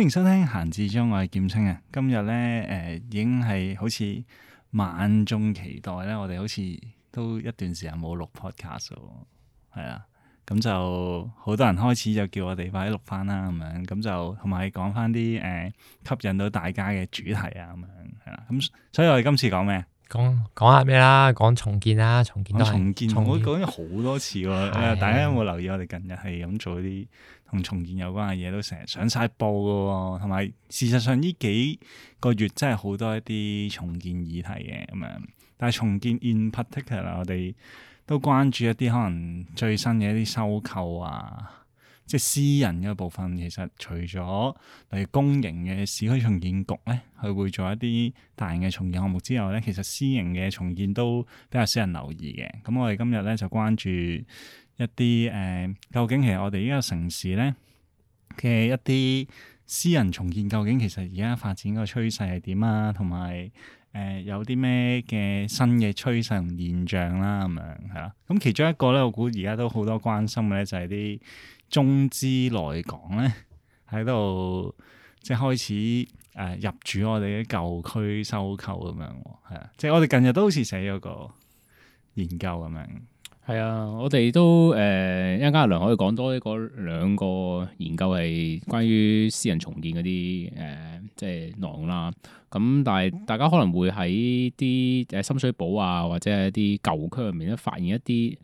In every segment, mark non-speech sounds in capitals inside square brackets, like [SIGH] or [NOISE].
歡迎收聽《閒至中外》，我係劍青啊！今日咧，誒，已經係好似萬眾期待咧，我哋好似都一段時間冇錄 podcast 咯。係啦，咁就好多人開始就叫我哋快啲錄翻啦，咁樣，咁就同埋講翻啲誒吸引到大家嘅主題啊，咁樣係啦，咁所以我哋今次講咩？講講下咩啦？講重建啦，重建都係重建，講咗講咗好多次喎，的大家有冇留意我哋近日係咁做啲？同重建有關嘅嘢都成日上晒報㗎喎，同埋事實上呢幾個月真係好多一啲重建議題嘅咁樣。但係重建 in particular，我哋都關注一啲可能最新嘅一啲收購啊，即係私人嘅部分。其實除咗例如公營嘅市區重建局咧，佢會做一啲大型嘅重建項目之外咧，其實私營嘅重建都比較少人留意嘅。咁我哋今日咧就關注。一啲誒、呃，究竟其實我哋依個城市咧嘅一啲私人重建，究竟其實而家發展個趨勢係點啊？同埋誒有啲咩嘅新嘅趨勢同現象啦？咁樣，係啊。咁其中一個咧，我估而家都好多關心嘅咧，就係啲中資來港咧，喺度即係開始誒、呃、入主我哋啲舊區收購，咁樣，係啊。即係我哋近日都好似寫咗個研究咁樣。係啊，我哋都一陣間阿良可以講多呢個兩個研究係關於私人重建嗰啲誒，即係內容啦。咁但係大家可能會喺啲誒深水埗啊，或者係啲舊區入面咧，發現一啲誒、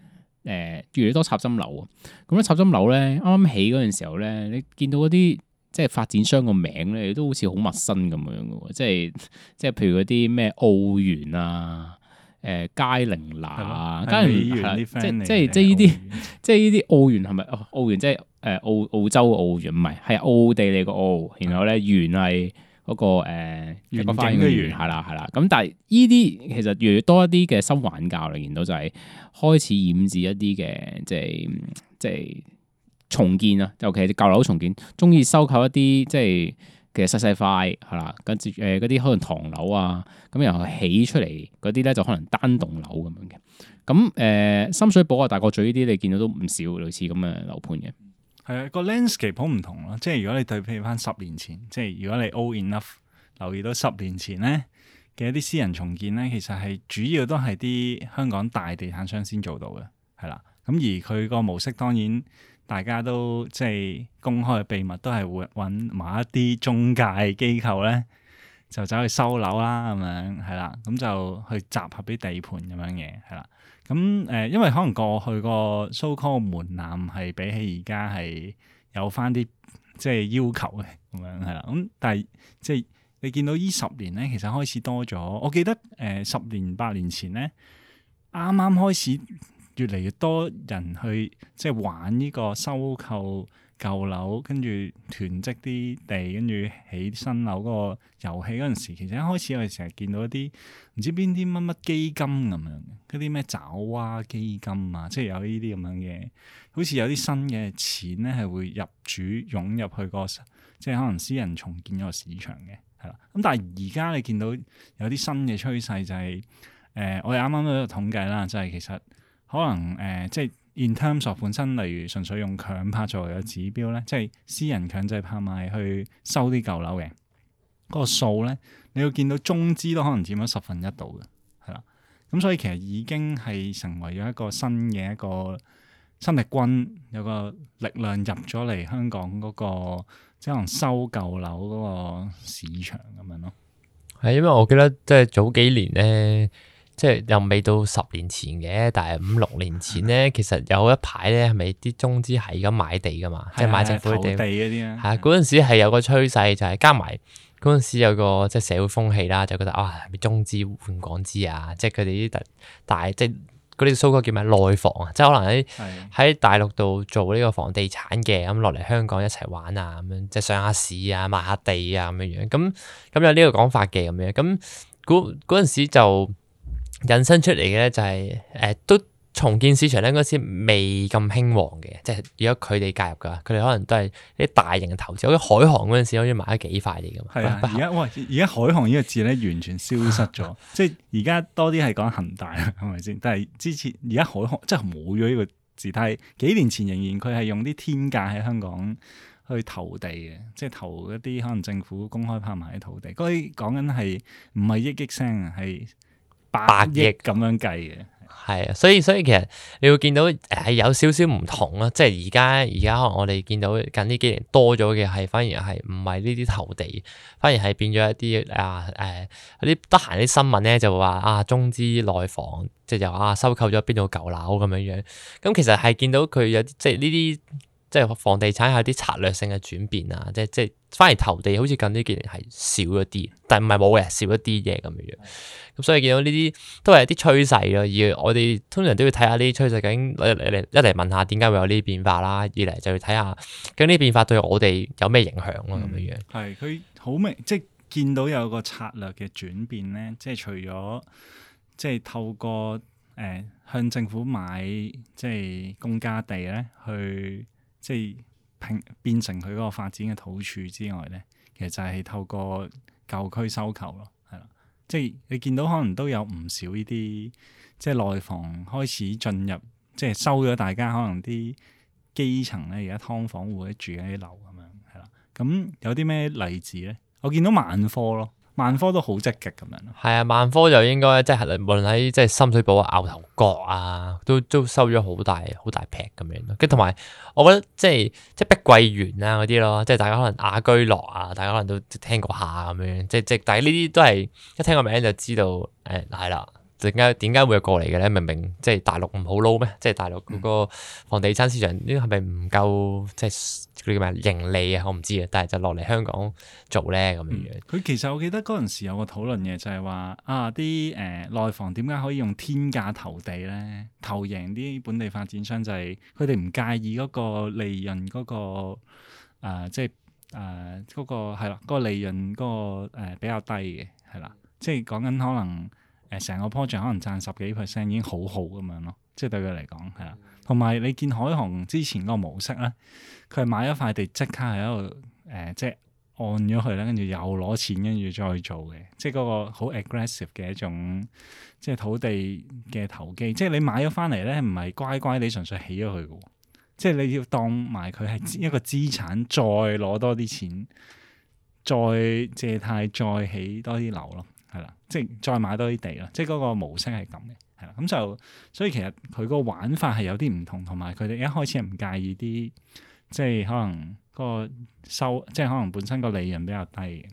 呃，越嚟越多插針樓啊。咁、嗯、咧插針樓呢，啱啱起嗰陣時候呢，你見到嗰啲即係發展商個名咧，都好似好陌生咁樣嘅喎。即係即係譬如嗰啲咩奧元啊。誒佳寧娜，啊吧，佳寧琳、嗯、即即即依啲即依啲奧元係咪澳元？即係誒澳澳洲澳元，唔係係奧地利個奧。然後咧元係嗰個誒，元係啦係啦。咁但係呢啲其實越越多一啲嘅新玩家，嚟，然後就係開始染指一啲嘅即係即係重建啊，尤其舊樓重建，中意收購一啲即係。嘅細細塊係啦，跟住誒嗰啲可能唐樓啊，咁然後起出嚟嗰啲咧就可能單棟樓咁樣嘅。咁誒、呃、深水埗啊、大角咀呢啲，你見到都唔少類似咁嘅樓盤嘅。係啊，個 landscape 好唔同咯。即係如果你對比返十年前，即係如果你 old enough 留意到十年前咧嘅一啲私人重建咧，其實係主要都係啲香港大地產商先做到嘅，係啦。咁而佢個模式當然。大家都即係公開嘅秘密，都係會揾埋一啲中介機構咧，就走去收樓啦，咁樣係啦，咁就去集合啲地盤咁樣嘅係啦。咁誒，因為可能過去個收購門檻係比起而家係有翻啲即係要求嘅，咁樣係啦。咁但係即係你見到依十年咧，其實開始多咗。我記得誒，十年八年前咧，啱啱開始。越嚟越多人去即係玩呢個收購舊樓，跟住囤積啲地，跟住起新樓嗰個遊戲嗰陣時，其實一開始我哋成日見到一啲唔知邊啲乜乜基金咁樣嘅，嗰啲咩爪哇基金啊，即係有呢啲咁樣嘅，好似有啲新嘅錢咧係會入主湧入去個即係可能私人重建個市場嘅，係啦。咁但係而家你見到有啲新嘅趨勢就係、是、誒、呃，我哋啱啱都有統計啦，就係其實。可能誒、呃，即係 in terms of 本身，例如純粹用強拍作為個指標咧，即係私人強制拍賣去收啲舊樓嘅嗰個數咧，你要見到中資都可能佔咗十分一度嘅，係啦。咁所以其實已經係成為咗一個新嘅一個新力軍，有個力量入咗嚟香港嗰、那個即係可能收舊樓嗰個市場咁樣咯。係因為我記得即係早幾年咧。呃即係又未到十年前嘅，但係五六年前咧，其實有一排咧，係咪啲中資係而家買地㗎嘛？的即係買政府地嗰啲啊。係啊，嗰陣時係有個趨勢就，就係加埋嗰陣時有個即係社會風氣啦，就覺得啊，係咪中資換港資啊？即係佢哋啲特大即係嗰啲所謂叫咩內房啊，即係可能喺喺的大陸度做呢個房地產嘅咁落嚟香港一齊玩啊，咁樣即係上下市啊，賣下地啊咁樣樣咁咁有呢個講法嘅咁樣咁，嗰嗰陣時就。引申出嚟嘅咧就係、是、誒、呃、都重建市場咧嗰時未咁興旺嘅，即係如果佢哋介入噶，佢哋可能都係啲大型嘅投資。好似海航嗰陣時，好似買得幾快啲噶嘛。係啊，而家喂，而家、呃、海航呢個字咧完全消失咗， [LAUGHS] 即係而家多啲係講恒大，係咪先？但係之前而家海航即係冇咗呢個字，但係幾年前仍然佢係用啲天價喺香港去投地嘅，即係投一啲可能政府公開拍賣嘅土地。佢講緊係唔係億億聲啊，係。百億咁樣計嘅，係啊，所以所以其實你會見到係有少少唔同咯，即係而家而家可能我哋見到近呢幾年多咗嘅係，反而係唔係呢啲投地，反而係變咗一啲啊誒啲得閒啲新聞咧，就話啊中資內房即係就啊收購咗邊度舊樓咁樣樣，咁其實係見到佢有即係呢啲。即係房地產有啲策略性嘅轉變啊！即係即係反而投地好似近呢幾年係少咗啲，但係唔係冇嘅，少咗啲嘢咁樣樣。咁所以見到呢啲都係一啲趨勢咯。而我哋通常都要睇下呢啲趨勢，究竟一嚟一嚟問下點解會有呢啲變化啦，二嚟就要睇下究竟呢啲變化對我哋有咩影響咯咁樣樣。係佢好明，即係見到有個策略嘅轉變咧，即係除咗即係透過誒、呃、向政府買即係公家地咧去。即係變變成佢嗰個發展嘅土處之外咧，其實就係透過舊區收購咯，係啦。即係你見到可能都有唔少呢啲，即係內房開始進入，即係收咗大家可能啲基層咧，而家劏房戶咧住緊啲樓咁樣，係啦。咁有啲咩例子咧？我見到萬科咯。萬科都好積極咁樣咯，係啊，萬科就應該即係無論喺即係深水埗啊、牛頭角啊，都都收咗好大好大撇咁樣咯。跟同埋我覺得即係即係碧桂園啊嗰啲咯，即係大家可能雅居樂啊，大家可能都聽過下咁樣，即即係但係呢啲都係一聽個名就知道誒係啦。嗯點解點解會過嚟嘅咧？明明即係大陸唔好撈咩？即係大陸嗰個房地產市場呢？係咪唔夠即係叫咩盈利啊？我唔知啊，但係就落嚟香港做咧咁、嗯、樣樣。佢其實我記得嗰陣時有個討論嘅就係話啊啲誒、呃、內房點解可以用天價投地咧？投贏啲本地發展商就係佢哋唔介意嗰個利潤嗰、嗰個即係誒嗰個係啦，嗰、嗰個利潤嗰、嗰個、呃、比較低嘅係啦，即係講緊可能。誒成、呃、個 project 可能賺十幾 percent 已經好好咁樣咯，即係對佢嚟講係啊。同埋你見海航之前嗰個模式咧，佢係買咗塊地即刻喺度誒，即係按咗佢咧，跟住又攞錢跟住再做嘅，即係嗰個好 aggressive 嘅一種，即係土地嘅投機。即係你買咗翻嚟咧，唔係乖乖你純粹起咗佢嘅，即係你要當埋佢係一個資產，再攞多啲錢，再借貸，再起多啲樓咯。係啦，即係再買多啲地咯，即係嗰個模式係咁嘅，係啦，咁就所以其實佢個玩法係有啲唔同，同埋佢哋一開始係唔介意啲，即係可能個收，即係可能本身個利潤比較低嘅。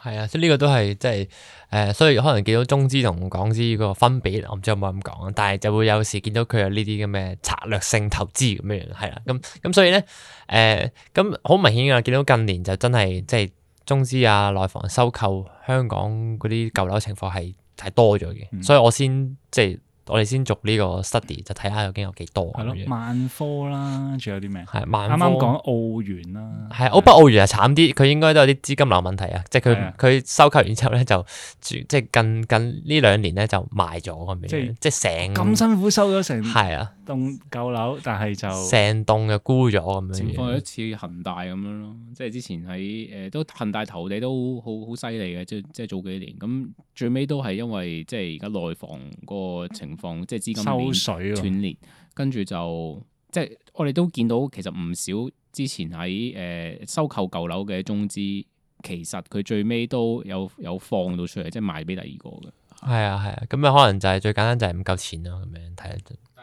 係啊，即係呢個都係即係，誒、呃，所以可能見到中資同港資個分別，我唔知有冇咁講，但係就會有時見到佢有呢啲咁嘅策略性投資咁樣，係啦，咁咁所以咧，誒、呃，咁好明顯啊，見到近年就真係即係。中資啊，內房收購香港嗰啲舊樓情況係係多咗嘅，嗯、所以我先即係我哋先做呢個 study 就睇下究竟有幾多，多。係萬、嗯、科啦，仲有啲咩？係萬。科啱啱講奧元啦、啊。係澳北奧元係慘啲，佢應該都有啲資金流問題啊！即係佢佢收購完之後咧就即係近近呢兩年咧就賣咗咁樣。就是、即係成。咁辛苦收咗成。係啊。棟舊樓，但係就成棟就沽咗咁樣情況，好似恒大咁樣咯。即係之前喺誒都恒大投地都好好犀利嘅，即即係早幾年。咁、嗯、最尾都係因為即係而家內房個情況，即係資、嗯、金斷裂，跟住就即係我哋都見到其實唔少之前喺誒、呃、收購舊樓嘅中資，其實佢最尾都有有放到出嚟，即係賣俾第二個嘅。係啊係啊，咁啊，啊，啊可能就係最簡單就係唔夠錢咯咁樣睇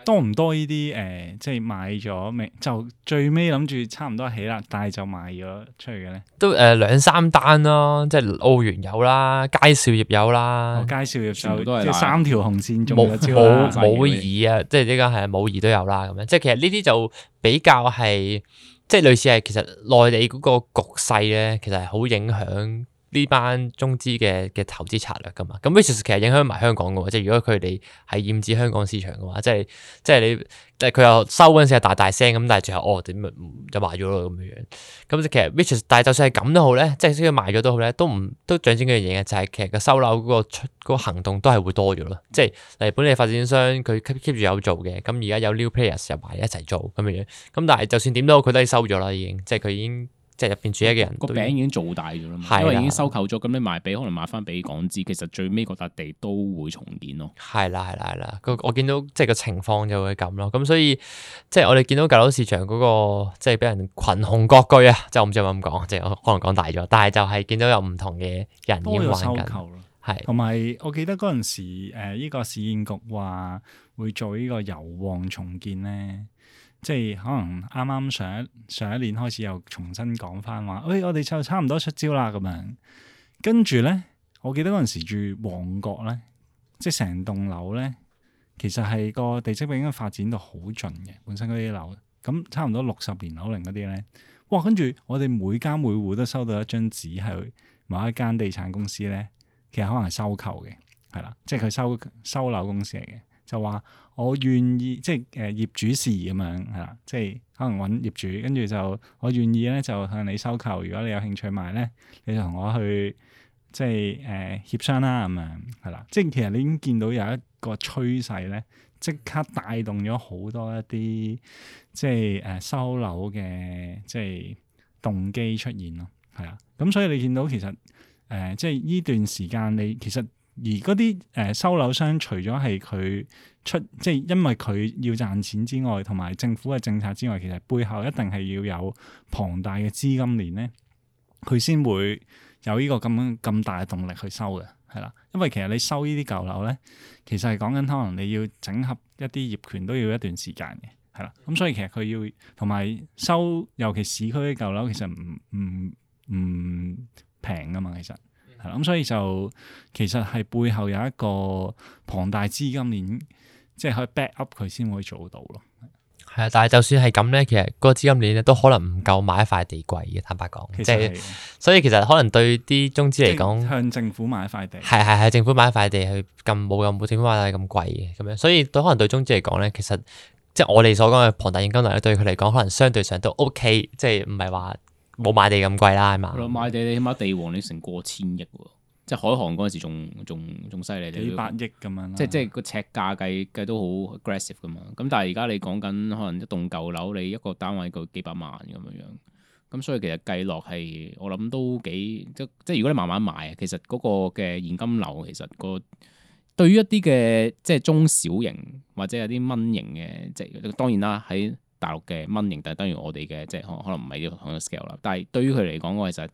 多唔多呢啲誒，即係買咗未？就最尾諗住差唔多起啦，但係就賣咗出去嘅咧，都誒、呃、兩三單咯，即係奧元有啦，佳兆業有啦，佳兆、哦、業都全都係，即係三條紅線仲嘅。冇冇冇二啊！即係依家係冇二都有啦，咁樣即係其實呢啲就比較係即係類似係其實內地嗰個局勢咧，其實係好影響。呢班中資嘅嘅投資策略噶嘛，咁 which 其實影響埋香港嘅喎，即係如果佢哋係厭止香港市場嘅話，即係即係你即係佢又收嗰陣時係大大聲咁，但係最後哦點就賣咗咯咁樣樣。咁其實 which 但係就算係咁、就是、都好咧，即係雖然賣咗都好咧，都唔都漲錢嗰樣嘢嘅，就係、是、其實嘅收樓嗰個出嗰個行動都係會多咗咯。即係例如本地發展商佢 keep 住有做嘅，咁而家有 new players 入埋一齊做咁樣，咁但係就算點都好，佢都收咗啦，已經即係佢已經。即係入邊住一嘅人，個餅已經做大咗啦嘛，係因為已經收購咗，咁你賣俾可能賣翻俾港資，其實最尾嗰笪地都會重建咯。係啦係啦係啦，我見到即係個情況就會咁咯。咁所以即係我哋見到舊樓市場嗰、嗰個即係俾人群雄割據啊，就唔知有冇咁講，即係可能講大咗。但係就係見到有唔同嘅人多咗收購咯，係同埋我記得嗰陣時誒，呢、呃這個市建局話會做呢個油旺重建咧。即係可能啱啱上一上一年開始又重新講翻話，喂、哎，我哋就差唔多出招啦咁樣。跟住咧，我記得嗰陣時住旺角咧，即係成棟樓咧，其實係個地積比率發展到好盡嘅，本身嗰啲樓咁差唔多六十年樓齡嗰啲咧，哇！跟住我哋每間每戶都收到一張紙，係某一間地產公司咧，其實可能係收購嘅，係啦，即係佢收收樓公司嚟嘅。就話我願意，即係誒、呃、業主事咁樣係啦，即係可能揾業主，跟住就我願意咧，就向你收購。如果你有興趣買咧，你就同我去即係誒協商啦，咁樣係啦。即係其實你已經見到有一個趨勢咧，即刻帶動咗好多一啲即係誒、呃、收樓嘅即係動機出現咯，係啊。咁所以你見到其實誒、呃、即係呢段時間你其實。而嗰啲誒收樓商除咗係佢出，即係因為佢要賺錢之外，同埋政府嘅政策之外，其實背後一定係要有龐大嘅資金鏈咧，佢先會有呢個咁咁大嘅動力去收嘅，係啦。因為其實你收呢啲舊樓咧，其實係講緊可能你要整合一啲業權都要一段時間嘅，係啦。咁、嗯、所以其實佢要同埋收，尤其市區嘅舊樓，其實唔唔唔平噶嘛，其實。咁所以就其實係背後有一個龐大資金鏈，即係可以 back up 佢先可以做到咯。係啊，但係就算係咁咧，其實個資金鏈咧都可能唔夠買一塊地貴嘅。坦白講，其實即係所以其實可能對啲中資嚟講，向政府買一塊地，係係係政府買一塊地去咁冇咁冇政府買地咁貴嘅咁樣。所以都可能對中資嚟講咧，其實即係我哋所講嘅龐大現金流咧，對佢嚟講可能相對上都 OK，即係唔係話。冇買地咁貴啦，係嘛？買地你起碼地王你成過千億喎，即係海航嗰陣時仲仲仲犀利，幾百億咁樣。即係即係個尺價計計都好 aggressive 咁嘛。咁但係而家你講緊可能一棟舊樓，你一個單位個幾百萬咁樣樣。咁所以其實計落係我諗都幾即即係如果你慢慢買其實嗰個嘅現金流其實個對於一啲嘅即係中小型或者有啲蚊型嘅即係當然啦喺。大陸嘅蚊型，但係等於我哋嘅，即係可能可能唔係呢個 scale 啦。但係對於佢嚟講，我其實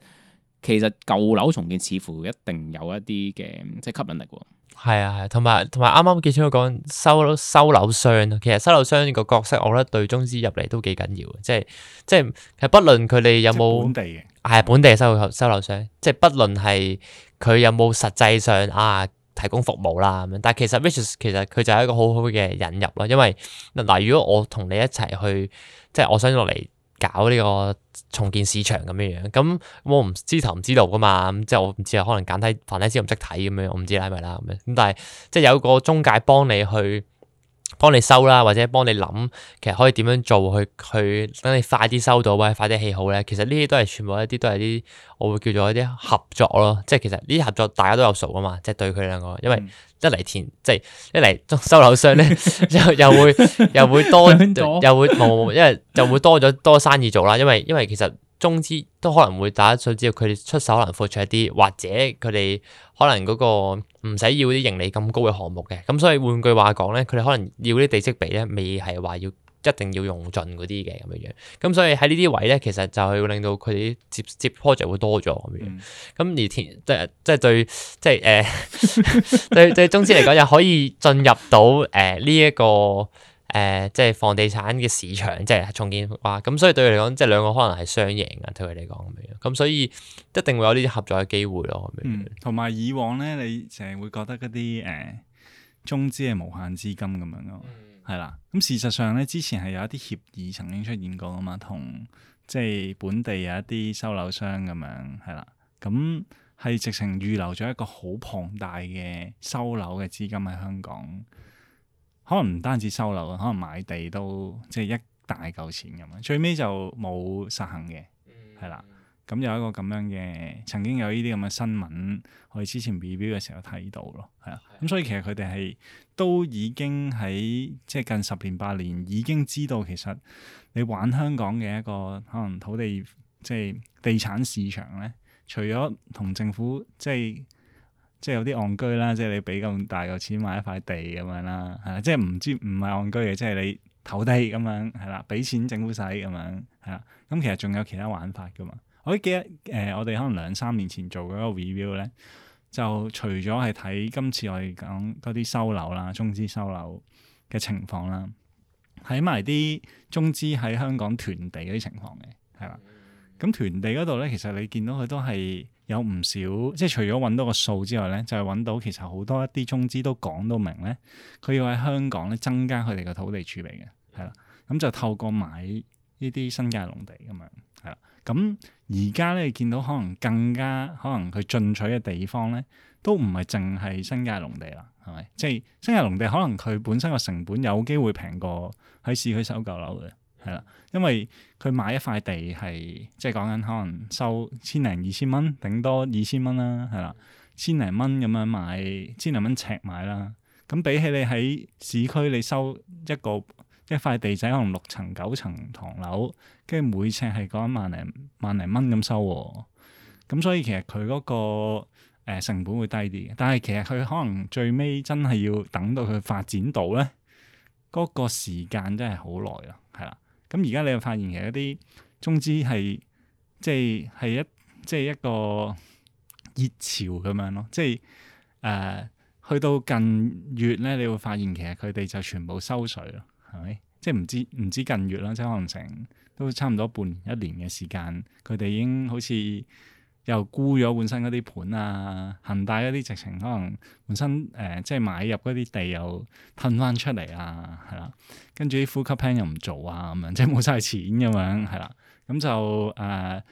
其實舊樓重建似乎一定有一啲嘅即係吸引力喎。係啊，係同埋同埋啱啱傑昌都講收收樓商，其實收樓商呢個角色，我覺得對中資入嚟都幾緊要嘅，即係即係係不論佢哋有冇本地嘅係本地嘅收收樓商，即係不論係佢有冇實際上啊。提供服務啦咁樣，但係其實 Riches 其實佢就係一個好好嘅引入咯。因為嗱，如果我同你一齊去，即係我想落嚟搞呢個重建市場咁樣樣，咁我唔知頭唔知道㗎嘛，咁即係我唔知啊，可能簡體繁體字唔識睇咁樣，我唔知啦係咪啦咁樣，咁但係即係有個中介幫你去。幫你收啦，或者幫你諗，其實可以點樣做去去等你快啲收到或者快啲起好咧。其實呢啲都係全部一啲都係啲我會叫做一啲合作咯。即係其實呢啲合作大家都有熟噶嘛。即係對佢兩個，因為一嚟填、嗯、即係一嚟收樓商咧，又又會又會多 [LAUGHS] 又會冇，因為就會多咗多生意做啦。因為因為其實。中資都可能會打碎之後，佢哋出手能闊綽啲，或者佢哋可能嗰個唔使要啲盈利咁高嘅項目嘅。咁所以換句話講咧，佢哋可能要啲地積比咧，未係話要一定要用盡嗰啲嘅咁樣樣。咁所以喺呢啲位咧，其實就係令到佢哋接接 project 會多咗咁樣。咁、嗯、而填、呃、即係即係對即係誒對對，對中資嚟講又可以進入到誒呢一個。誒、呃，即係房地產嘅市場，即係重建哇！咁所以對佢嚟講，即係兩個可能係雙贏嘅，對佢嚟講，咁所以一定會有呢啲合作嘅機會咯，同埋、嗯、可能以往咧，你成日會覺得嗰啲誒中資係無限資金咁樣咯，係啦、嗯。咁事實上咧，之前係有一啲協議曾經出現過啊嘛，同即係本地有一啲收樓商咁樣，係啦。咁係直情預留咗一個好龐大嘅收樓嘅資金喺香港。可能唔單止收樓，可能買地都即係一大嚿錢咁樣，最尾就冇實行嘅，係啦、嗯。咁有一個咁樣嘅，曾經有呢啲咁嘅新聞，我哋之前 review 嘅時候睇到咯，係啊。咁的所以其實佢哋係都已經喺即係近十年八年已經知道，其實你玩香港嘅一個可能土地即係地產市場咧，除咗同政府即係。即係有啲按居啦，即係你俾咁大個錢買一塊地咁樣啦，係啦，即係唔知唔係戇居嘅，即係你投地咁樣係啦，俾錢政府使咁樣係啦。咁其實仲有其他玩法噶嘛？我記得誒、呃，我哋可能兩三年前做嗰個 review 咧，就除咗係睇今次我哋講嗰啲收樓啦、中資收樓嘅情況啦，睇埋啲中資喺香港囤地嗰啲情況嘅，係啦。咁囤地嗰度咧，其實你見到佢都係。有唔少，即係除咗揾到個數之外咧，就係揾到其實好多一啲中資都講到明咧，佢要喺香港咧增加佢哋嘅土地儲備嘅，係啦，咁就透過買呢啲新界農地咁樣，係啦，咁而家咧見到可能更加可能佢進取嘅地方咧，都唔係淨係新界農地啦，係咪？即係新界農地可能佢本身個成本有機會平過喺市區收舊樓嘅。係啦，因為佢買一塊地係即係講緊，可能收千零二千蚊，頂多二千蚊啦。係啦，千零蚊咁樣買，千零蚊尺買啦。咁比起你喺市區，你收一個一塊地仔，可能六層九層唐樓，跟住每尺係講萬零萬零蚊咁收喎。咁所以其實佢嗰個、呃、成本會低啲嘅，但係其實佢可能最尾真係要等到佢發展到咧，嗰個時間真係好耐啊。咁而家你會發現其實一啲中資係即係係一即係、就是、一個熱潮咁樣咯，即係誒去到近月咧，你會發現其實佢哋就全部收水咯，係咪？即係唔知唔知近月啦，即係可能成都差唔多半年一年嘅時間，佢哋已經好似。又沽咗本身嗰啲盤啊，恒大嗰啲直情可能本身誒、呃、即係買入嗰啲地又吞翻出嚟啊，係啦，跟住啲呼吸 plan 又唔做啊咁樣，即係冇晒錢咁樣係啦，咁就誒。呃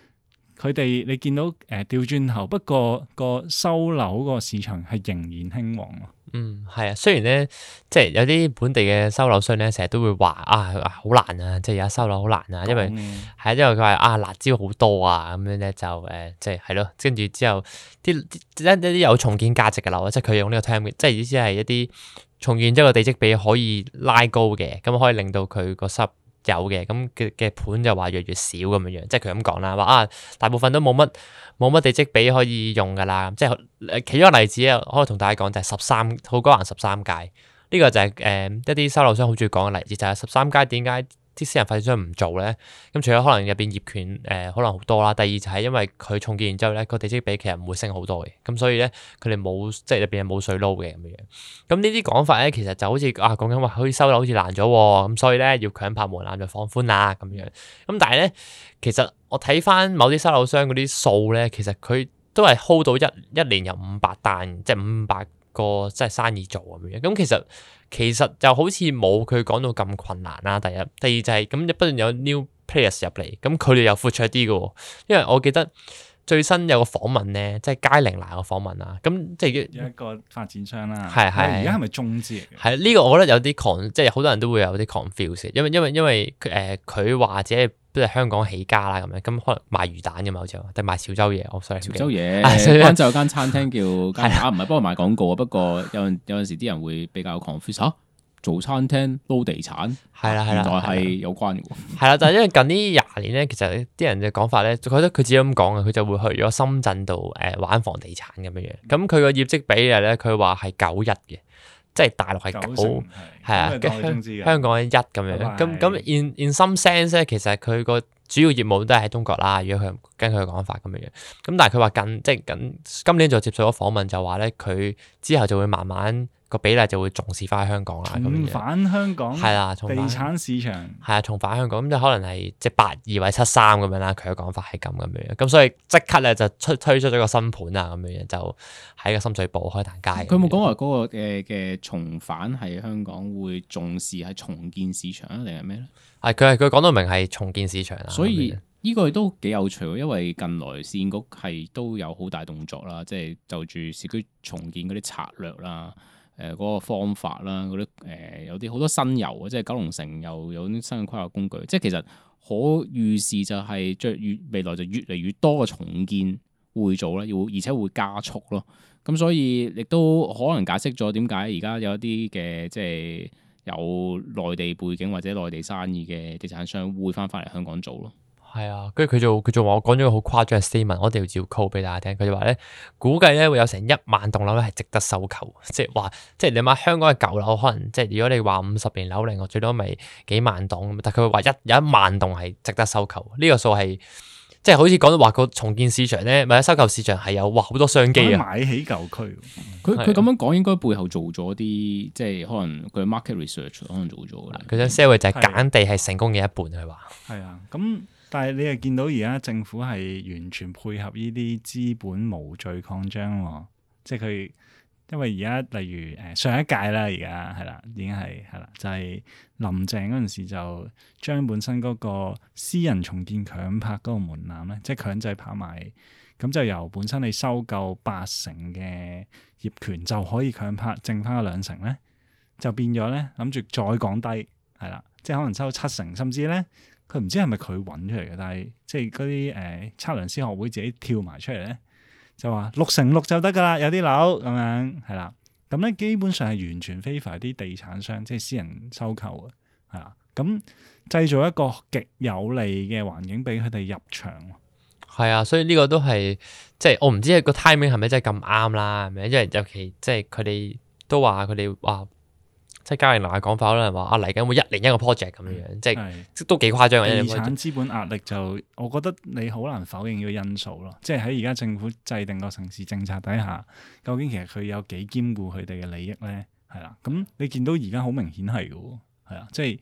佢哋你見到誒掉轉頭，不過個收樓個市場係仍然興旺。嗯，係啊，雖然咧，即係有啲本地嘅收樓商咧，成日都會話啊，好難啊，即係而家收樓好難啊，因為係、嗯、因為佢話啊辣招好多啊咁樣咧，就誒即係係咯，跟、呃、住、就是、之後啲一啲有重建價值嘅樓，即係佢用呢個 term，即係意思係一啲重建之後個地積比可以拉高嘅，咁可以令到佢個濕。有嘅，咁嘅嘅盤就話越嚟越少咁樣樣，即係佢咁講啦，話啊大部分都冇乜冇乜地積比可以用噶啦，即係舉咗個例子咧，可以同大家講就係十三好講下十三街，呢、這個就係、是、誒、呃、一啲收樓商好中意講嘅例子，就係十三街點解？啲私人發展商唔做咧，咁除咗可能入邊業權誒、呃、可能好多啦，第二就係因為佢重建完之後咧，個地積比其實唔會升好多嘅，咁所以咧佢哋冇即係入邊又冇水撈嘅咁樣，咁呢啲講法咧其實就好似啊講緊話可以收樓好似難咗喎，咁所以咧要強拍門檻就放寬啦咁樣，咁但係咧其實我睇返某啲收樓商嗰啲數咧，其實佢都係 hold 到一一年入五百單，即係五百。個即係生意做咁樣，咁其實其實就好似冇佢講到咁困難啦。第一，第二就係、是、咁不斷有 new players 入嚟，咁佢哋又闊綽啲㗎喎。因為我記得最新有個訪問咧，即係佳寧娜個訪問啦。咁、嗯、即係一個發展商啦、啊，係係的。而家係咪中資嚟、啊？係呢、這個我覺得有啲 conf，即係好多人都會有啲 confuse，因為因為因為誒佢或者。呃即係香港起家啦，咁樣咁可能賣魚蛋嘅嘛，好似定賣小洲嘢。我 sorry，小洲嘢，就、啊、有間餐廳叫，啊唔係幫我賣廣告啊。不，的不過有有陣時啲人會比較 confuse 嚇，做餐廳撈地產，係啦係啦，原來係有關嘅喎。係啦， [LAUGHS] 就係、是、因為近呢廿年咧，其實啲人嘅講法咧，覺得佢自己咁講嘅，佢就會去咗深圳度誒玩房地產咁嘅嘢。咁佢個業績比例咧，佢話係九一嘅。即係大陸係九，係啊的，香港係一咁樣，咁咁拜。In in some sense 咧，其實佢個主要業務都係喺中國啦。如果佢跟佢嘅講法咁樣，咁但係佢話近即係近今年就接受咗訪問就呢，就話咧佢之後就會慢慢，個比例就會重視翻香港啦，咁樣。重返香港係啦，重返市場係啊，重返香港咁就可能係即八二或七三咁樣啦。佢嘅講法係咁咁樣，咁所以即刻咧就出推出咗個新盤啊咁樣，就喺個深水埗開大街。佢冇講話嗰個嘅重返係香港會重視喺重建市場啊，定係咩咧？係佢係佢講到明係重建市場啦。所以呢個都幾有趣，因為近來市建局係都有好大動作啦，即係就住、是、市區重建嗰啲策略啦。誒嗰、呃那個方法啦，嗰啲誒有啲好多新遊啊，即係九龍城又有啲新嘅規劃工具，即係其實可預示就係將越未來就越嚟越多嘅重建會做啦，要而且會加速咯。咁所以亦都可能解釋咗點解而家有一啲嘅即係有內地背景或者內地生意嘅地產商會翻返嚟香港做咯。係啊，跟住佢就佢就話我講咗個好誇張嘅 statement，我一定要照 call 俾大家聽。佢就話咧，估計咧會有成一萬棟樓咧係值得收購，即係話，即係你諗下香港嘅舊樓，可能即係如果你話五十年樓齡，我最多咪幾萬棟咁，但係佢話一有一萬棟係值得收購，呢個數係即係好似講到話個重建市場咧，咪係收購市場係有哇好多商機啊！買起舊區，佢佢咁樣講，應該背後做咗啲即係可能佢 market research，可能做咗啦。佢想 sell 就係揀地係成功嘅一半，佢話。係啊，咁、嗯。但係你又見到而家政府係完全配合呢啲資本無序擴張，即係佢因為而家例如誒、呃、上一屆啦，而家係啦，已經係係啦，就係、是、林鄭嗰陣時就將本身嗰個私人重建強拍嗰個門檻咧，即係強制拍賣，咁就由本身你收夠八成嘅業權就可以強拍，剩翻嗰兩成咧，就變咗咧諗住再降低，係啦，即係可能收七成，甚至咧。佢唔知係咪佢揾出嚟嘅，但係即係嗰啲誒測量師學會自己跳埋出嚟咧，就話六成六就得噶啦，有啲樓咁樣係啦。咁咧基本上係完全 favor 啲地產商，即係私人收購嘅，係啊。咁製造一個極有利嘅環境俾佢哋入場。係啊，所以呢個都係即係我唔知係個 timing 係咪真係咁啱啦？係咪？因為尤其即係佢哋都話佢哋話。即係佳寧娜嘅講法啦，係話啊嚟緊會一年一個 project 咁樣樣，即係的都幾誇張嘅。資產資本壓力就，我覺得你好難否認呢個因素咯。即係喺而家政府制定個城市政策底下，究竟其實佢有幾兼顧佢哋嘅利益咧？係啦，咁你見到而家好明顯係嘅，係啊，即係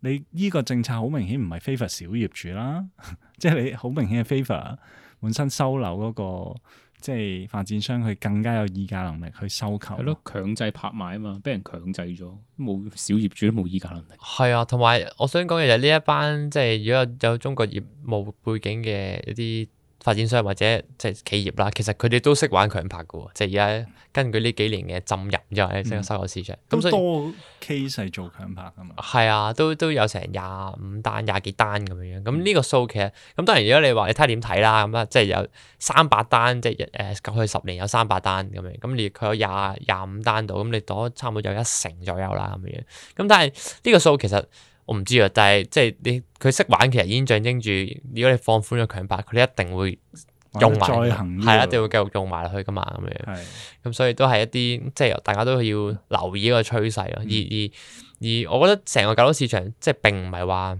你呢個政策好明顯唔係 favour 小業主啦， [LAUGHS] 即係你好明顯係 favour 本身收樓嗰、那個。即係發展商，去更加有議價能力去收購。係咯，強制拍賣啊嘛，俾人強制咗，冇小業主都冇議價能力。係啊，同埋我想講嘅就係呢一班，即係如果有有中國業務背景嘅一啲。.發展商或者即係企業啦，其實佢哋都識玩強拍嘅喎，即係而家根據呢幾年嘅浸入咗後，即係收購市場咁，所以、嗯、多 case 係做強拍啊嘛。係、嗯、啊，都都有成廿五單、廿幾單咁樣樣。咁呢個數其實咁當然，如果你話你睇下點睇啦，咁啊，即係有三百單，即係誒，過去十年有三百單咁樣，咁你佢有廿廿五單度，咁你咗差唔多有一成左右啦咁樣。咁但係呢個數其實。我唔知啊，但係即係你佢識玩，其實已經象徵住，如果你放寬咗強拍，佢一定會用埋，係啦，一定會繼續用埋落去噶嘛，咁樣。咁的所以都係一啲即係大家都要留意一個趨勢咯的。而而而我覺得成個舊樓市場即係並唔係話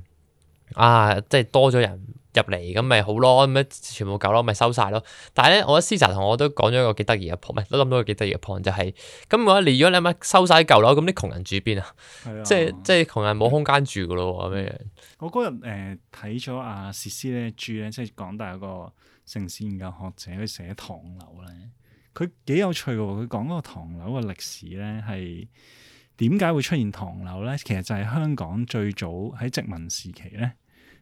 啊，即係多咗人。入嚟咁咪好咯，咁咧全部舊樓咪收晒咯。但係咧，我思澤同我都講咗一個幾得意嘅 point，都諗到一個幾得意嘅 point，就係咁我話你，如果你想想收晒舊樓，咁啲窮人住邊啊？的即係即係窮人冇空間住噶咯咁樣。我嗰日誒睇咗阿思思咧住咧，即係港大一個城市研究學者去寫唐樓咧，佢幾有趣喎。佢講嗰個唐樓嘅歷史咧，係點解會出現唐樓咧？其實就係香港最早喺殖民時期咧，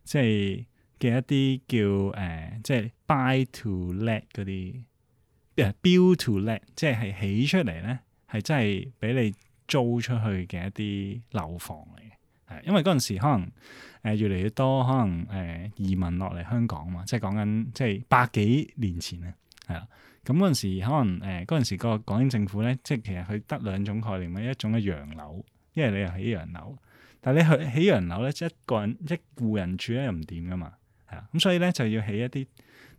即係。嘅一啲叫誒、呃，即係 buy to let 嗰啲、啊，build to let，即係係起出嚟咧，係真係俾你租出去嘅一啲樓房嚟嘅。係因為嗰陣時可能誒、呃、越嚟越多可能誒、呃、移民落嚟香港嘛，即係講緊即係百幾年前啊，係啦。咁嗰陣時可能誒嗰陣時個港英政府咧，即係其實佢得兩種概念嘅，一種係洋樓，因為你又起洋樓，但係你去起洋樓咧，即係一個人一戶人住咧又唔掂噶嘛。係啊，咁所以咧就要起一啲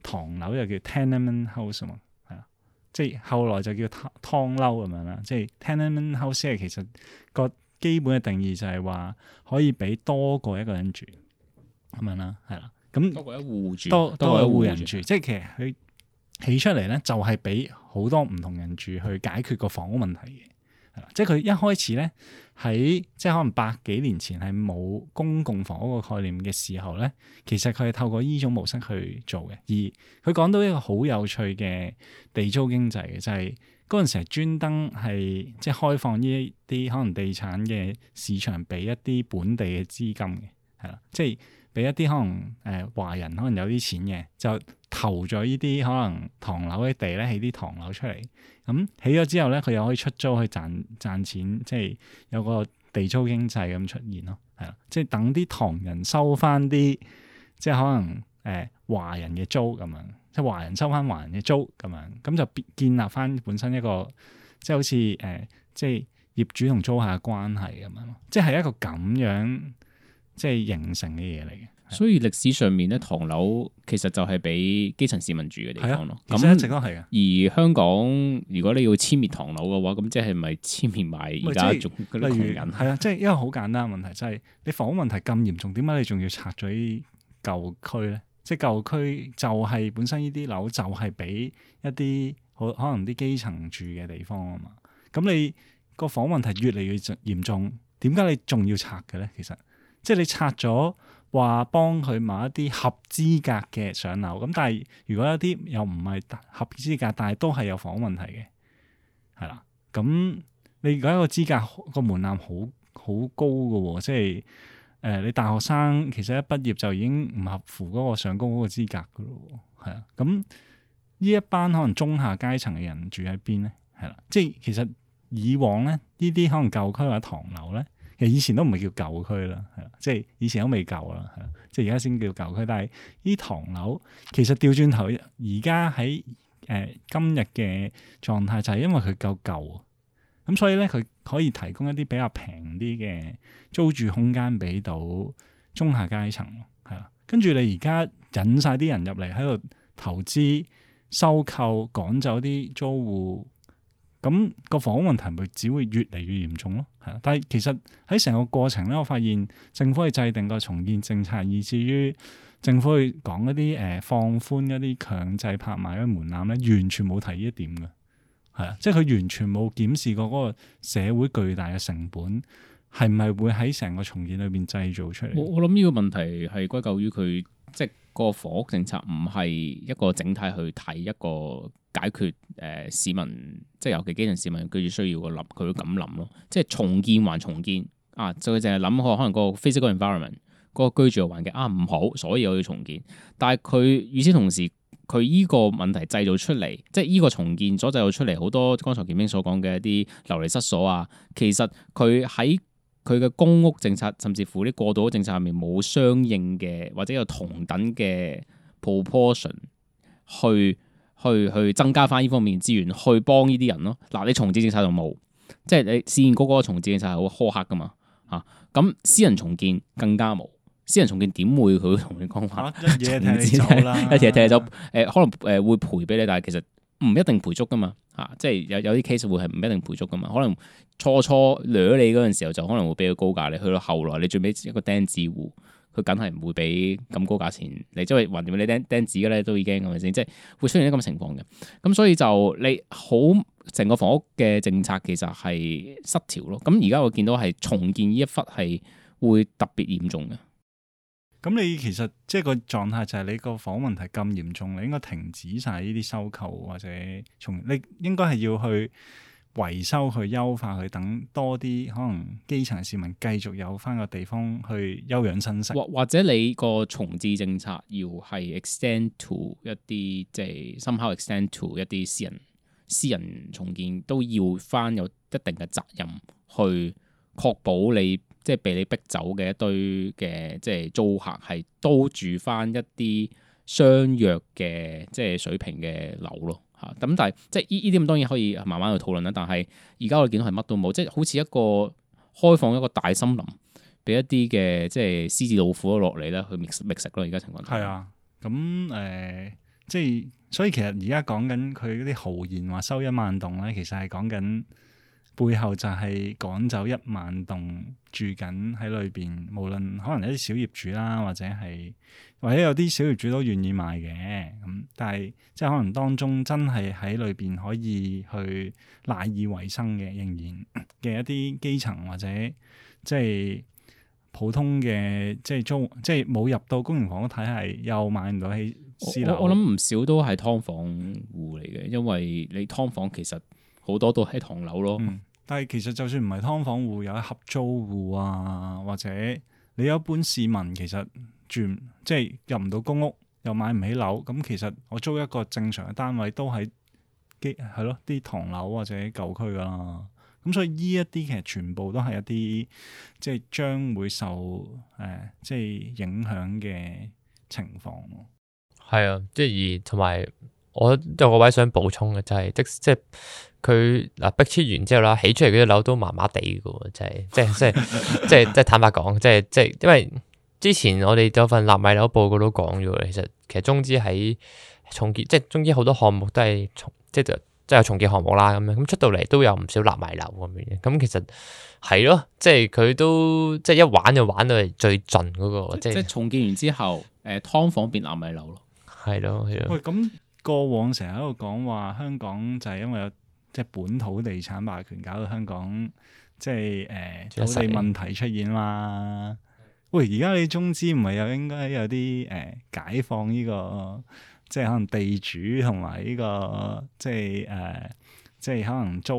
唐樓，又叫 tenement house 啊嘛，係啊，即係後來就叫唐樓咁樣啦。即係 tenement house 係其實個基本嘅定義就係話可以俾多過一個人住咁樣啦，係啦，咁多過一戶住，多多一戶人住，戶戶住即係其實佢起出嚟咧就係俾好多唔同人住去解決個房屋問題嘅。即係佢一開始咧，喺即係可能百幾年前係冇公共房屋個概念嘅時候咧，其實佢係透過依種模式去做嘅。而佢講到一個好有趣嘅地租經濟嘅，就係嗰陣時係專登係即係開放依啲可能地產嘅市場俾一啲本地嘅資金嘅，係啦，即係。俾一啲可能誒、呃、華人可能有啲錢嘅，就投咗呢啲可能唐樓嘅地咧，起啲唐樓出嚟。咁起咗之後咧，佢又可以出租去賺賺錢，即係有個地租經濟咁出現咯。係啦，即係等啲唐人收翻啲，即係可能誒、呃、華人嘅租咁樣，即係華人收翻華人嘅租咁樣，咁就建立翻本身一個即係好似誒、呃、即係業主同租客嘅關係咁樣咯。即係一個咁樣。即係形成嘅嘢嚟嘅，所以歷史上面咧，唐樓其實就係俾基層市民住嘅地方咯。咁其實一直都係啊。而香港如果你要遷滅唐樓嘅話，咁即係咪遷滅埋而家嗰啲窮人？係啊，即係一個好簡單嘅問題，就係你房屋問題咁嚴重，點解你仲要拆咗啲舊區咧？即係舊區就係本身呢啲樓就係俾一啲可能啲基層住嘅地方啊嘛。咁你個房屋問題越嚟越嚴重，點解你仲要拆嘅咧？其實？即係你拆咗，話幫佢某一啲合資格嘅上樓。咁但係，如果一啲又唔係合資格，但係都係有房屋問題嘅，係啦。咁你嗰一個資格個門檻好好高嘅喎、哦，即係誒、呃、你大學生其實一畢業就已經唔合乎嗰個上高嗰個資格嘅咯，係啊。咁呢一班可能中下階層嘅人住喺邊咧？係啦，即係其實以往咧，呢啲可能舊區或者唐樓咧。其實以前都唔係叫舊區啦，係啊，即係以前都未舊啦，係啊，即係而家先叫舊區。但係呢唐樓其實掉轉頭，而家喺誒今日嘅狀態就係因為佢夠舊，咁所以咧佢可以提供一啲比較平啲嘅租住空間俾到中下階層，係啊。跟住你而家引晒啲人入嚟喺度投資、收購，趕走啲租戶。咁個房屋問，問題咪只會越嚟越嚴重咯，係啊！但係其實喺成個過程咧，我發現政府去制定個重建政策，以至於政府去講一啲誒、呃、放寬一啲強制拍賣嘅門檻咧，完全冇提呢一點㗎，係啊！即係佢完全冇檢視過嗰個社會巨大嘅成本係咪會喺成個重建裏邊製造出嚟。我我諗呢個問題係歸咎於佢即個房屋政策唔係一個整體去睇一個解決誒市民，即係尤其基層市民居住需要嘅諗，佢都咁諗咯。即係重建還重建啊，就佢淨係諗可能個 physical environment 嗰個居住嘅環境啊唔好，所以我要重建。但係佢與此同時，佢依個問題製造出嚟，即係依個重建所製造出嚟好多。剛才劍冰所講嘅一啲流離失所啊，其實佢喺。佢嘅公屋政策，甚至乎啲過渡屋政策下面冇相應嘅或者有同等嘅 proportion 去去去增加翻呢方面資源去幫呢啲人咯。嗱、啊，你重建政策就冇，即係你市建局嗰個重建政策係好苛刻噶嘛嚇。咁、啊、私人重建更加冇，私人重建點會佢同你講話？嚇、啊，一嘢踢走啦， [LAUGHS] 一嘢踢走，誒可能誒會賠俾你，但係其實。唔一定賠足噶嘛，嚇、啊，即係有有啲 case 會係唔一定賠足噶嘛。可能初初掠你嗰陣時候就可能會俾個高價你，去到後來你最尾一個釘子戶，佢梗係唔會俾咁高價錢你，即係橫掂你釘釘子嘅咧都已經咁樣先，即係會出現啲咁嘅情況嘅。咁所以就你好成個房屋嘅政策其實係失調咯。咁而家我見到係重建呢一忽係會特別嚴重嘅。咁你其實即係個狀態就係你個房問，問題咁嚴重，你應該停止晒呢啲收購或者重，你應該係要去維修、去優化、去等多啲可能基層市民繼續有翻個地方去休養生息。或或者你個重置政策要係 ext、就是、extend to 一啲即係 somehow extend to 一啲私人私人重建都要翻有一定嘅責任去確保你。即係被你逼走嘅一堆嘅即係租客，係都住翻一啲相若嘅即係水平嘅樓咯嚇。咁、嗯、但係即係依依啲咁當然可以慢慢去討論啦。但係而家我哋見到係乜都冇，即係好似一個開放一個大森林，俾一啲嘅即係獅子老虎落嚟啦，去覓覓食咯。而家情況下係啊，咁誒、呃，即係所以其實而家講緊佢嗰啲豪言話收一萬棟咧，其實係講緊。背後就係趕走一萬棟住緊喺裏邊，無論可能一啲小業主啦，或者係或者有啲小業主都願意買嘅咁，但係即係可能當中真係喺裏邊可以去賴以為生嘅，仍然嘅一啲基層或者即係普通嘅即係租即係冇入到公營房屋體系又買唔到起私樓，我諗唔少都係劏房戶嚟嘅，因為你劏房其實。好多都喺唐樓咯，嗯、但係其實就算唔係劏房戶，有合租戶啊，或者你一般市民，其實住，即係入唔到公屋，又買唔起樓，咁、嗯、其實我租一個正常嘅單位都係係咯啲唐樓或者舊區噶啦。咁、嗯、所以呢一啲其實全部都係一啲即係將會受誒、呃、即係影響嘅情況係、嗯、啊。即係而同埋我有個位想補充嘅就係、是、即即。即佢嗱，逼遷完之後啦，起出嚟嗰啲樓都麻麻地嘅喎，即係即係 [LAUGHS] 即係即係坦白講，即係即係，因為之前我哋有份納米樓報告都講咗，其實其實中資喺重建，即係中資好多項目都係即係即係重建項目啦，咁樣咁出到嚟都有唔少納米樓咁樣，咁其實係咯，即係佢都即係一玩就玩到最盡嗰個，即係重建完之後，誒、呃，劏房變納米樓咯，係咯，喂，咁、哦、過往成日喺度講話香港就係因為有。即係本土地產霸權搞到香港，即係誒、呃、土地問題出現啦。喂，而家你中資唔係又應該有啲誒、呃、解放呢、呢個，即係可能地主同埋呢個，嗯、即係誒、呃，即係可能租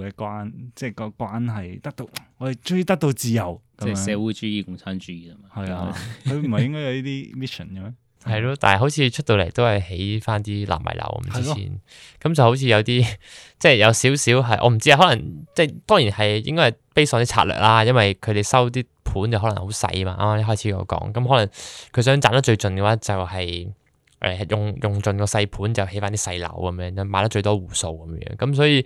戶嘅關，即係個關係得到，我哋終於得到自由。即係社會主義、共產主義啊嘛。係啊，佢唔係應該有呢啲 mission 嘅咩？係咯， [NOISE] 但係好似出到嚟都係起翻啲納米樓咁 [NOISE] 前，咁 [NOISE] [NOISE] 就好似有啲即係有少少係我唔知啊，可能即係當然係應該係 basic 啲策略啦，因為佢哋收啲盤就可能好細啊嘛，啱啱一開始我講，咁可能佢想賺得最盡嘅話就係、是、誒、呃、用用盡個細盤就起翻啲細樓咁樣，賣得最多戶數咁樣，咁所以。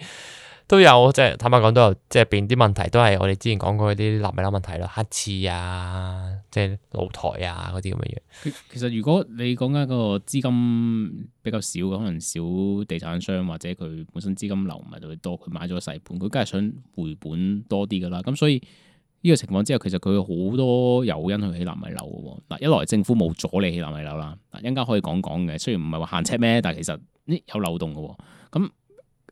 都有即係坦白講都有即係變啲問題都係我哋之前講過啲納米樓問題咯，黑廁啊，即係露台啊嗰啲咁嘅嘢。其實如果你講緊個資金比較少嘅，可能少地產商或者佢本身資金流唔係就會多，佢買咗個細盤，佢梗係想回本多啲噶啦。咁所以呢個情況之後，其實佢好多有因去起納米樓嘅。嗱，一來政府冇阻你起納米樓啦，一陣間可以講講嘅。雖然唔係話限呎咩，但係其實有漏洞嘅。咁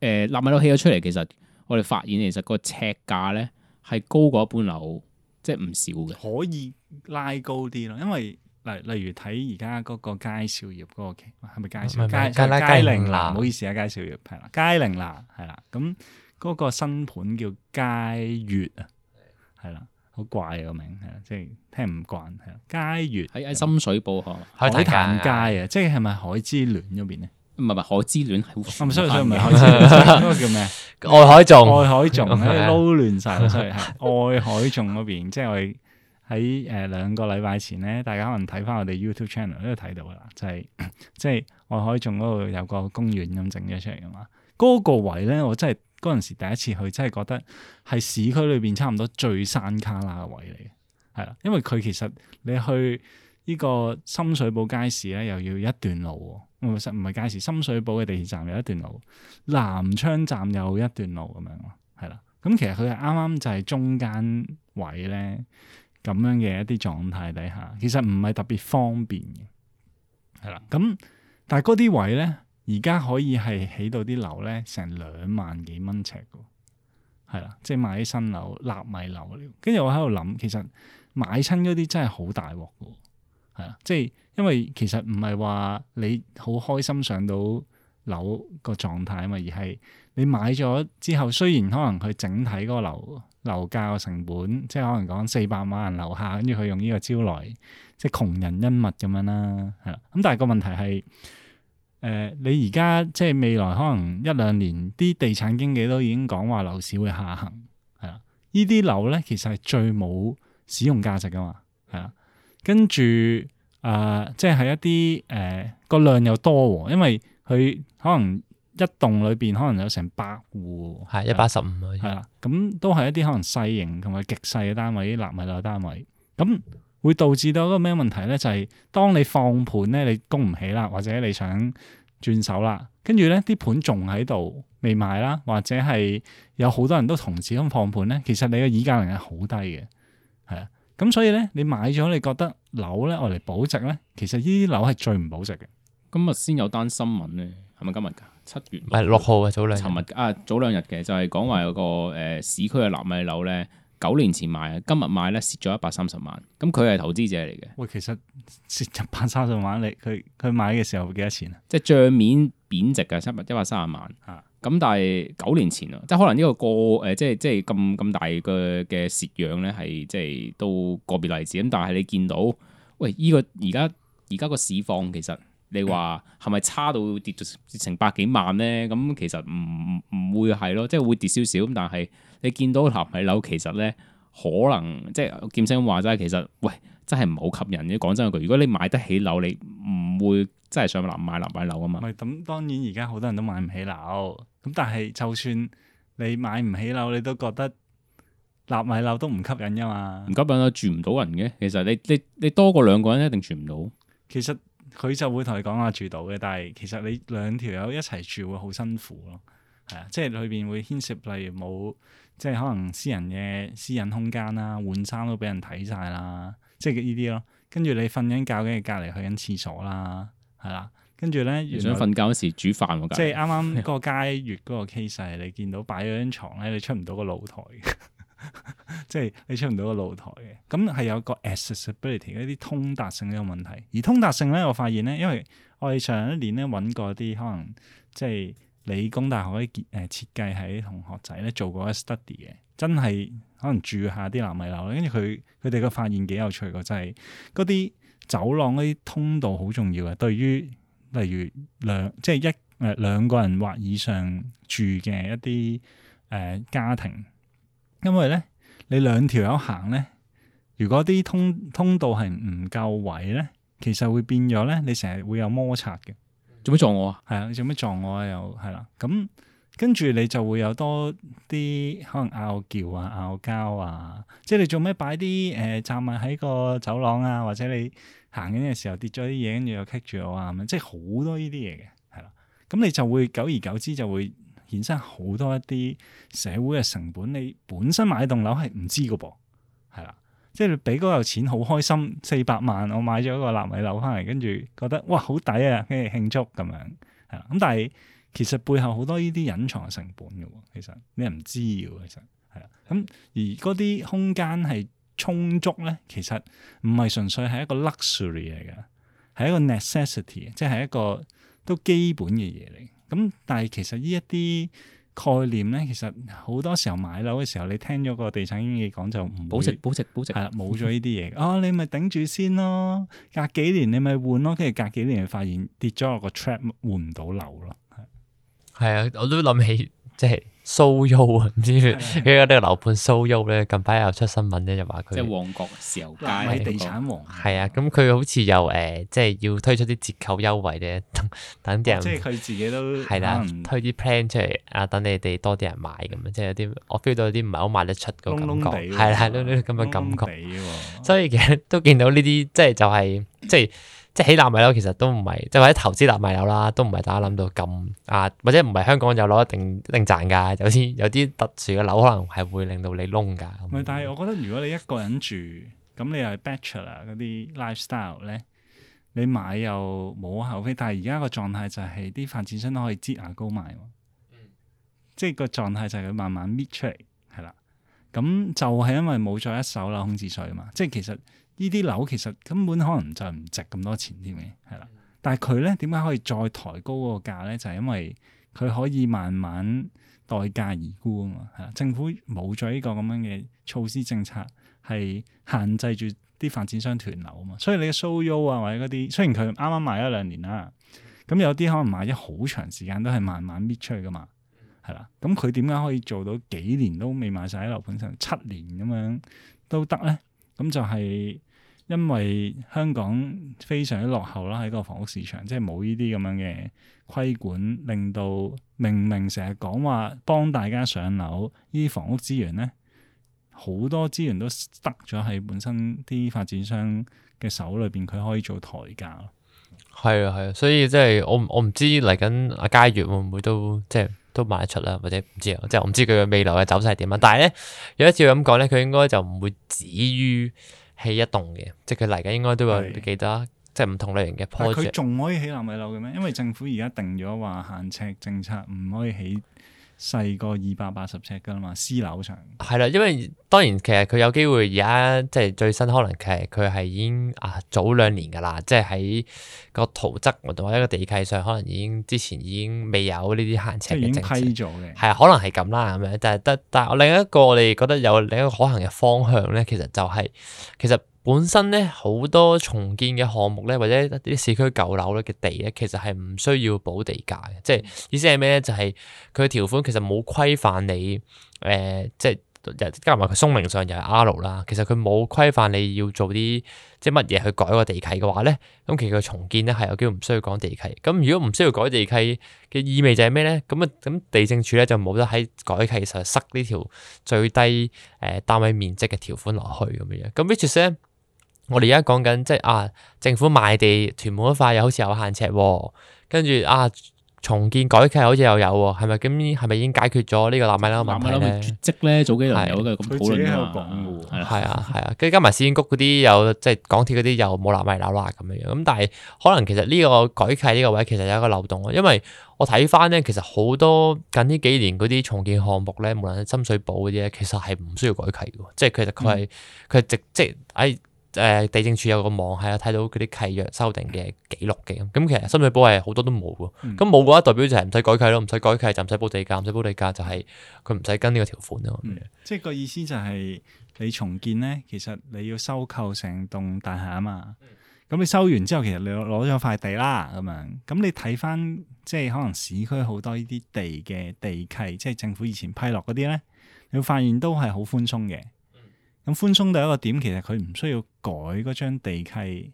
誒納米樓起咗出嚟，其實我哋發現其實個尺價咧係高過一般樓，即係唔少嘅。可以拉高啲咯，因為例例如睇而家嗰個佳兆業嗰個，係咪佳兆？唔佳寧娜，唔好意思啊，佳兆業，係啦，佳寧娜係啦，咁嗰個新盤叫佳月啊，係啦，好怪啊個名係啦，即係聽唔慣係啦，佳月喺喺深水埗嗬，海壇街啊，即係係咪海之戀嗰邊咧？唔係唔係海之戀，係我唔係所以所以唔係海之戀，嗰個叫咩？愛海頌，愛海頌咧撈亂曬，所以係愛海頌嗰邊。即係我哋喺誒兩個禮拜前咧，大家可能睇翻我哋 YouTube channel 都睇到噶啦，就係即係愛海頌嗰度有個公園咁整咗出嚟噶嘛。嗰個位咧，我真係嗰陣時第一次去，真係覺得係市區裏邊差唔多最山卡拉嘅位嚟嘅，係啦，因為佢其實你去。呢個深水埗街市咧，又要一段路喎，唔係街市，深水埗嘅地鐵站有一段路，南昌站有一段路咁樣咯，係啦。咁、嗯、其實佢係啱啱就係中間位咧，咁樣嘅一啲狀態底下，其實唔係特別方便嘅，係啦。咁、嗯、但係嗰啲位咧，而家可以係起到啲樓咧，成兩萬幾蚊尺嘅，係啦，即係買啲新樓、納米樓。跟住我喺度諗，其實買親嗰啲真係好大鑊嘅。即係，因為其實唔係話你好開心上到樓個狀態啊嘛，而係你買咗之後，雖然可能佢整體嗰個樓樓價個成本，即係可能講四百萬人樓下，跟住佢用呢個招來，即係窮人恩物咁樣啦，係啦。咁但係個問題係，誒、呃，你而家即係未來可能一兩年，啲地產經紀都已經講話樓市會下行，係啦。呢啲樓咧，其實係最冇使用價值噶嘛，係啦。跟住，誒、呃，即係一啲誒個量又多喎，因為佢可能一棟裏邊可能有成百戶，係一百一十五，係啦，咁都係一啲可能細型同埋極細嘅單位，啲納米樓單位，咁、嗯、會導致到一個咩問題咧？就係、是、當你放盤咧，你供唔起啦，或者你想轉手啦，跟住咧啲盤仲喺度未賣啦，或者係有好多人都同時咁放盤咧，其實你嘅議價能力係好低嘅，係啊。咁所以咧，你買咗你覺得樓咧，我嚟保值咧，其實依啲樓係最唔保值嘅。今日先有單新聞咧，係咪今日噶七月？係六號啊，早兩日尋日啊，早兩日嘅就係講話有個誒、呃、市區嘅納米樓咧。九年前買啊，今日買咧蝕咗一百三十萬。咁佢係投資者嚟嘅。喂，其實蝕一百三十萬，你佢佢買嘅時候會幾多錢啊？即係帳面貶值嘅，七一百三十萬。啊，咁但係九年前啊，即係可能呢個個誒、呃，即係即係咁咁大嘅嘅蝕讓咧，係即係都個別例子。咁但係你見到，喂，依、這個而家而家個市況其實。你話係咪差到跌到跌成百幾萬咧？咁其實唔唔會係咯，即係會跌少少。咁但係你見到納米樓其實咧，可能即係劍聲咁話齋。其實喂，真係唔好吸引嘅。講真句，如果你買得起樓，你唔會真係上納買納米樓啊嘛。咁當然，而家好多人都買唔起樓。咁但係就算你買唔起樓，你都覺得納米樓都唔吸引啊嘛。唔吸引啊，住唔到人嘅。其實你你，你，你多過兩個人一定住唔到。其實。佢就會同你講話住到嘅，但係其實你兩條友一齊住會好辛苦咯，係啊，即係裏邊會牽涉例如冇，即係可能私人嘅私隱空間啦，換衫都俾人睇晒啦，即係呢啲咯。跟住你瞓緊覺跟住隔離去緊廁所啦，係啦。跟住咧，原想瞓覺嗰時煮飯喎、啊，即係啱啱嗰個街月嗰個 case， [LAUGHS] 的你見到擺咗張床咧，你出唔到個露台。 [LAUGHS] [LAUGHS] 即係你出唔到個露台嘅，咁係有個 accessibility，一啲通達性嘅問題。而通達性咧，我發現咧，因為我哋上一年咧揾過啲可能即係理工大學啲建誒設計系同學仔咧做過一 study 嘅，真係可能住下啲納米樓咧，跟住佢佢哋個發現幾有趣嘅，就係嗰啲走廊嗰啲通道好重要嘅，對於例如兩即係一誒、呃、兩個人或以上住嘅一啲誒、呃、家庭。因為咧，你兩條友行咧，如果啲通通道係唔夠位咧，其實會變咗咧，你成日會有摩擦嘅。做咩撞我啊？係啊，你做咩撞我啊？又係啦，咁跟住你就會有多啲可能拗撬啊、拗交啊，即係你做咩擺啲誒站埋喺個走廊啊，或者你行緊嘅時候跌咗啲嘢，跟住又棘住我啊咁，即係好多呢啲嘢嘅，係啦。咁、嗯、你就會久而久之就會。衍生好多一啲社會嘅成本，你本身買棟樓係唔知嘅噃，係啦，即係你俾嗰個錢好開心，四百萬我買咗一個納米樓翻嚟，跟住覺得哇好抵啊，跟住慶祝咁樣係啦。咁但係其實背後好多呢啲隱藏嘅成本嘅，其實你又唔知嘅，其實係啦。咁而嗰啲空間係充足咧，其實唔係純粹係一個 luxury 嚟嘅，係一個 necessity，即係一個都基本嘅嘢嚟。咁但係其實呢一啲概念咧，其實好多時候買樓嘅時候，你聽咗個地產經紀講就唔保值，保值，保值，係啦，冇咗呢啲嘢，哦、啊，你咪頂住先咯，隔幾年你咪換咯，跟住隔幾年發現跌咗落個 trap，換唔到樓咯，係係啊，我都諗起。即係 SOYO 啊！唔知而家呢個樓盤 SOYO 咧，近排又出新聞咧，就話佢即係旺角豉油街嘅地產王。係啊，咁佢好似又誒、呃，即係要推出啲折扣優惠咧，等 [LAUGHS] 啲人。即係佢自己都係啦，的嗯、推啲 plan 出嚟啊，等你哋多啲人買咁啊！即係有啲，我 feel 到有啲唔係好賣得出個感覺。係啦、啊，係啦，咁嘅感覺。所以其實都見到呢啲，即係就係即係。 [LAUGHS] [LAUGHS] 即係起納米樓，其實都唔係，即係或者投資納米樓啦，都唔係大家諗到咁啊，或者唔係香港有樓一定一定賺㗎，有啲有啲特殊嘅樓可能係會令到你窿㗎。唔係，但係我覺得如果你一個人住，咁你又係 bachelor 嗰啲 lifestyle 咧，你買又冇後悔，但係而家個狀態就係啲發展商都可以擠牙膏賣喎。嗯，即係個狀態就係佢慢慢搣出嚟，係啦。咁就係因為冇咗一手樓空置稅啊嘛，即係其實。呢啲樓其實根本可能就唔值咁多錢添嘅，係啦。但係佢咧點解可以再抬高嗰個價咧？就係因為佢可以慢慢待價而沽啊嘛，係啦。政府冇咗呢個咁樣嘅措施政策，係限制住啲發展商囤樓嘛。所以你 show 啊或者嗰啲，雖然佢啱啱賣一兩年啦，咁有啲可能賣咗好長時間都係慢慢搣出去噶嘛，係啦。咁佢點解可以做到幾年都未賣晒喺樓盤上七年咁樣都得咧？咁就係因為香港非常之落後啦，喺個房屋市場即係冇呢啲咁樣嘅規管，令到明明成日講話幫大家上樓，呢啲房屋資源咧好多資源都塞咗喺本身啲發展商嘅手裏邊，佢可以做抬價咯。係啊，係啊，所以即係我唔我唔知嚟緊阿佳月會唔會都即係。就是都賣得出啦，或者唔知啊，即係我唔知佢嘅未來嘅走勢係點啊。但係咧，有一次佢咁講咧，佢應該就唔會止於起一棟嘅，即係佢嚟緊應該都有幾多，的即係唔同類型嘅 project 佢仲可以起納米樓嘅咩？因為政府而家定咗話限呎政策，唔可以起。細過二百八十尺噶啦嘛，私樓場係啦，因為當然其實佢有機會而家即係最新，可能其實佢係已經啊早兩年噶啦，即係喺個圖則或者一個地契上，可能已經之前已經未有呢啲限尺嘅政策，係啊，可能係咁啦咁樣，但係得但係我另一個我哋覺得有另一個可行嘅方向咧，其實就係、是、其實。本身咧好多重建嘅項目咧，或者啲市區舊樓咧嘅地咧，其實係唔需要補地價嘅。即係意思係咩咧？就係佢嘅條款其實冇規範你誒、呃，即係加埋佢松明上又係 R 啦。其實佢冇規範你要做啲即係乜嘢去改個地契嘅話咧，咁其實佢重建咧係有機會唔需要講地契。咁如果唔需要改地契嘅意味就係咩咧？咁啊咁地政署咧就冇得喺改契上塞呢條最低誒、呃、單位面積嘅條款落去咁樣樣。咁 which is 咧？我哋而家講緊即係啊，政府賣地屯門一塊又好似有限尺，跟住啊重建改契好似又有喎，係咪咁係咪已經解決咗呢個納米樓問題咧？絕迹咧，是早幾年有嘅，咁討論都有講嘅。係啊係啊，跟住、啊啊啊啊、加埋市建局嗰啲有即係港鐵嗰啲又冇納米樓啦咁樣樣。咁但係可能其實呢個改契呢個位其實有一個漏洞啊，因為我睇翻咧，其實好多近呢幾年嗰啲重建項目咧，無論係深水埗嗰啲咧，其實係唔需要改契嘅，即係其實佢係佢係直即係、哎誒、呃、地政署有個網係啊，睇到嗰啲契約修訂嘅記錄嘅咁，咁其實深水埗係好多都冇喎，咁冇嘅話代表就係唔使改契咯，唔使改契就唔使補地價，唔使補地價就係佢唔使跟呢個條款咯。嗯、即係個意思就係你重建咧，其實你要收購成棟大廈啊嘛，咁、嗯、你收完之後，其實你攞咗塊地啦，咁樣，咁你睇翻即係可能市區好多呢啲地嘅地契，即係政府以前批落嗰啲咧，你發現都係好寬鬆嘅。咁寬鬆到一個點，其實佢唔需要改嗰張地契，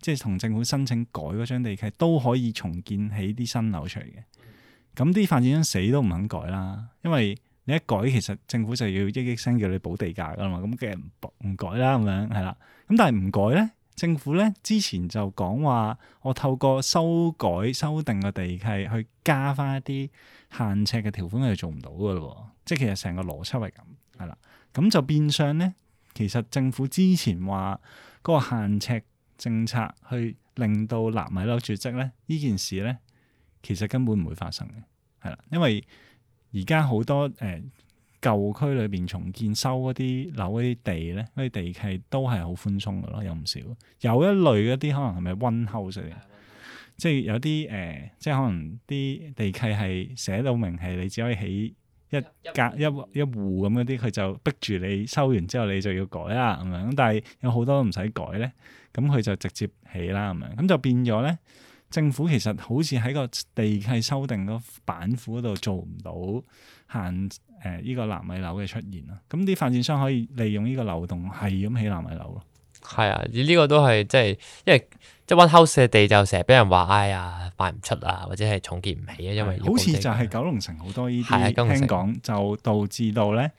即係同政府申請改嗰張地契都可以重建起啲新樓出嚟嘅。咁啲發展商死都唔肯改啦，因為你一改，其實政府就要一聲叫你補地價噶啦嘛。咁梗係唔改啦咁樣，係啦。咁但係唔改呢？政府呢之前就講話，我透過修改修訂個地契去加翻一啲限尺嘅條款，佢就做唔到噶咯喎。即係其實成個邏輯係咁，係啦。咁就變相呢。其實政府之前話嗰個限呎政策去令到納米樓絕跡咧，呢件事咧其實根本唔會發生嘅，係啦，因為而家好多誒舊區裏邊重建收嗰啲樓嗰啲地咧，嗰啲地契都係好寬鬆嘅咯，有唔少，有一類嗰啲可能係咪温厚上嚟，即係有啲誒，即係可能啲地契係寫到明係你只可以起。一隔一一戶咁嗰啲，佢就逼住你收完之後，你就要改啦，咁樣。咁但係有好多唔使改咧，咁佢就直接起啦，咁樣。咁就變咗咧，政府其實好似喺個地契修訂嗰板斧嗰度做唔到限誒呢、呃這個納米樓嘅出現啦。咁啲發展商可以利用呢個漏洞係咁起納米樓咯。係啊，呢、這個都係即係，因為即係溫厚些地就成日俾人話，哎呀，賣唔出啊，或者係重建唔起啊，因為好似就係九龍城好多呢啲係啊，咁聽講就導致到咧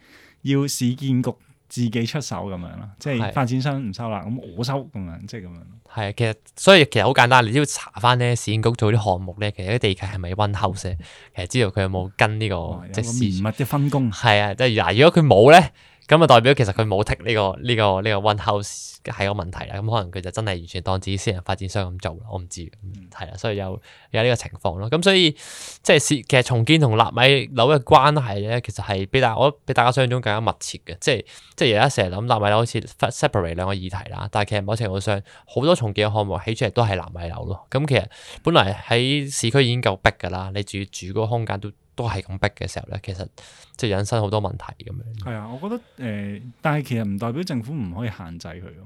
要市建局自己出手咁樣咯，即係發展商唔收啦，咁的我收咁樣，即係咁樣。係啊，其實所以其實好簡單，你只要查翻咧市建局做啲項目咧，其實啲地契係咪溫厚些，其實知道佢有冇跟呢、這個即係事物嘅分工。係啊，即係嗱，如果佢冇咧。咁啊代表其實佢冇剔呢個呢個呢個 one house 係個問題啦，咁可能佢就真係完全當自己私人發展商咁做啦，我唔知，係啦、嗯，所以有有呢個情況咯。咁、嗯、所以即係其實重建同納米樓嘅關係咧，其實係比大我比大家想象中更加密切嘅。即係即係有啲人成日諗納米樓好似 separate 兩個議題啦，但係其實某程度上好多重建嘅項目起出嚟都係納米樓咯。咁、嗯、其實本來喺市區已經夠逼㗎啦，你住住個空間都～都係咁逼嘅時候咧，其實即係引申好多問題咁樣。係啊，我覺得誒、呃，但係其實唔代表政府唔可以限制佢啊。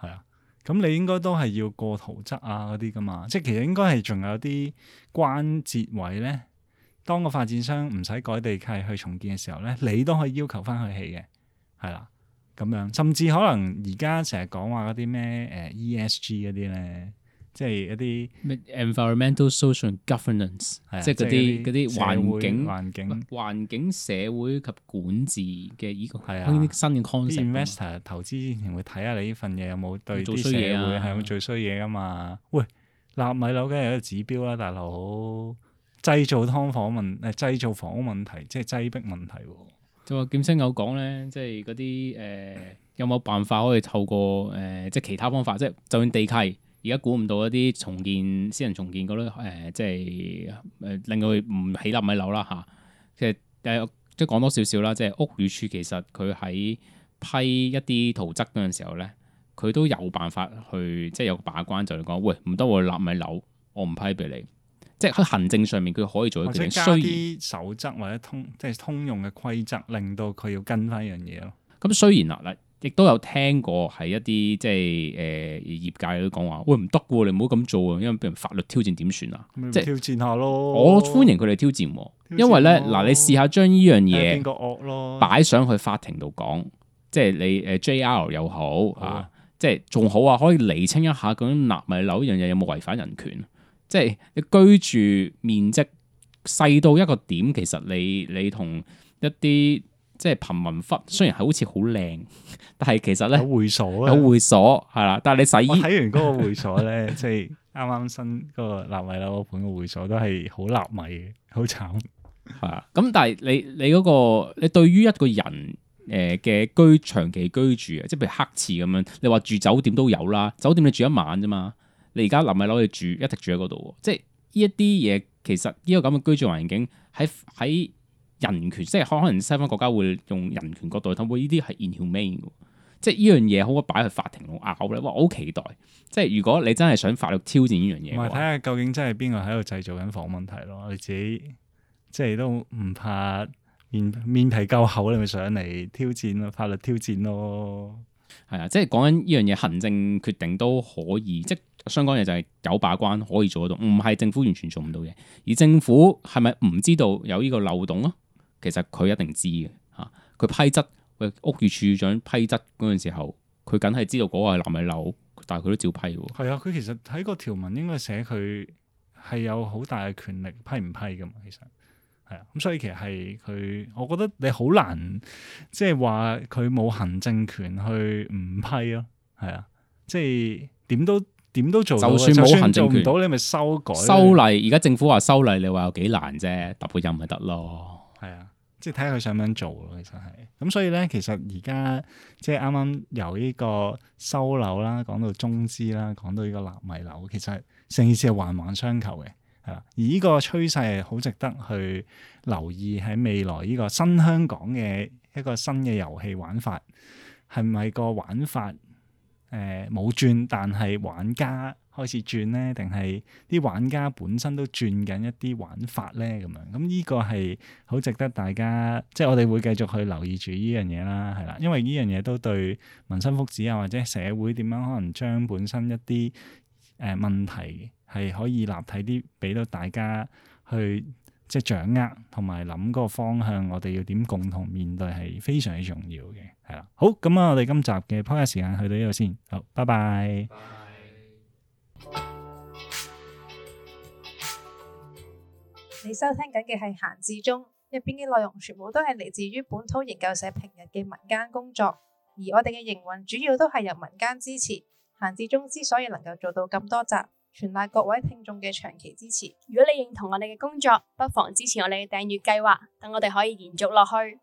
係啊，咁你應該都係要過圖則啊嗰啲噶嘛。即係其實應該係仲有啲關節位咧，當個發展商唔使改地契去重建嘅時候咧，你都可以要求翻佢起嘅。係啦、啊，咁樣甚至可能而家成日講話嗰啲咩誒 ESG 嗰啲咧。呃即係一啲 environmental social governance、啊、即係嗰啲嗰啲環境環境環境社會及管治嘅呢個係啊啲新嘅 concept。investor 投資之前會睇下你呢份嘢有冇對啲、啊、社會係冇最衰嘢噶嘛？喂，納米樓梗係有個指標啦，大佬製造劏房問誒製造房屋問題，即係擠迫問題、哦就。就話劍青有講咧，即係嗰啲誒有冇辦法可以透過誒、呃、即係其他方法，即係就算地契。而家估唔到一啲重建私人重建嗰啲誒，即係誒、呃、令佢唔起納米樓啦嚇。啊、其實誒即係講多少少啦，即係屋宇署其實佢喺批一啲圖則嗰陣時候咧，佢都有辦法去即係有個把關就，就係講喂唔得喎，我納米樓我唔批俾你。即係喺行政上面佢可以做一啲嘢。或者加啲守則或者通即係通用嘅規則，令到佢要跟翻一樣嘢咯。咁、嗯、雖然嗱，嗱。亦都有聽過，係一啲即係誒業界都講話，喂，唔得嘅，你唔好咁做啊，因為俾人法律挑戰點算啊？即係挑戰下咯，即下咯我歡迎佢哋挑戰，挑戰因為咧嗱、啊，你試下將呢樣嘢擺上去法庭度講，即係你誒 JR 又好、嗯、啊，即係仲好啊，可以釐清一下究竟納米樓呢樣嘢有冇違反人權？即係你居住面積細到一個點，其實你你同一啲。即係貧民窟，雖然係好似好靚，但係其實咧，有會所啊、有會所，有會所係啦。但係你洗衣，我睇完嗰個會所咧，即係啱啱新嗰個納米樓盤嘅會所都係好納米嘅，好慘係啊。咁但係你你嗰個你對於一個人誒嘅居長期居住啊，即係譬如黑廁咁樣，你話住酒店都有啦，酒店你住一晚啫嘛。你而家納米樓你住一直住喺嗰度喎，即係呢一啲嘢其實呢個咁嘅居住環境喺喺。人權即係可能西方國家會用人權角度去睇，我呢啲係 inhuman 嘅，即係呢樣嘢好啊，擺喺法庭度拗咧，我好期待。即係如果你真係想法律挑戰呢樣嘢，咪睇下究竟真係邊個喺度製造緊房問題咯？你自己即係都唔怕面面，面皮夠厚，你咪上嚟挑戰咯，法律挑戰咯。係啊，即係講緊呢樣嘢，行政決定都可以，即係相關嘢就係有把關可以做得到，唔係政府完全做唔到嘢。而政府係咪唔知道有呢個漏洞啊？其實佢一定知嘅吓，佢批則喂，屋宇署長批則嗰陣時候，佢梗係知道嗰個係納米樓，但係佢都照批嘅。係啊，佢其實喺個條文應該寫佢係有好大嘅權力批唔批㗎嘛。其實係啊，咁所以其實係佢，我覺得你好難即係話佢冇行政權去唔批咯。係啊，即係點都點都做到，就算冇行政權做唔到，你咪修改修例。而家政府話修例，你話有幾難啫？答佢任咪得咯。係啊。即睇下佢想唔想做咯，其實係咁，所以咧，其實而家即係啱啱由呢個收樓啦，講到中資啦，講到呢個納米樓，其實成件事係環環相扣嘅，係啦。而呢個趨勢係好值得去留意喺未來呢個新香港嘅一個新嘅遊戲玩法，係咪個玩法誒冇、呃、轉，但係玩家？開始轉咧，定係啲玩家本身都轉緊一啲玩法咧咁樣。咁、這、呢個係好值得大家，即、就、係、是、我哋會繼續去留意住呢樣嘢啦，係啦。因為呢樣嘢都對民生福祉啊，或者社會點樣可能將本身一啲誒、呃、問題係可以立體啲，俾到大家去即係掌握同埋諗個方向，我哋要點共同面對係非常之重要嘅，係啦。好，咁啊，我哋今集嘅 Podcast 時間去到呢度先，好，拜拜。你收聽緊嘅係閒置中，入邊嘅內容全部都係嚟自於本土研究社平日嘅民間工作，而我哋嘅營運主要都係由民間支持。閒置中之所以能夠做到咁多集，全賴各位聽眾嘅長期支持。如果你認同我哋嘅工作，不妨支持我哋嘅訂閱計劃，等我哋可以延續落去。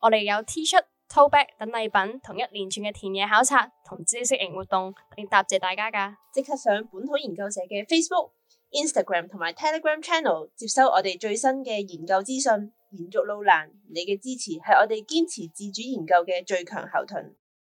我哋有 T 恤、tote bag 等禮品，同一連串嘅田野考察同知識型活動，嚟答謝大家噶。即刻上本土研究社嘅 Facebook。Instagram 同埋 Telegram Channel 接收我哋最新嘅研究資訊，延續路難，你嘅支持係我哋堅持自主研究嘅最強後盾。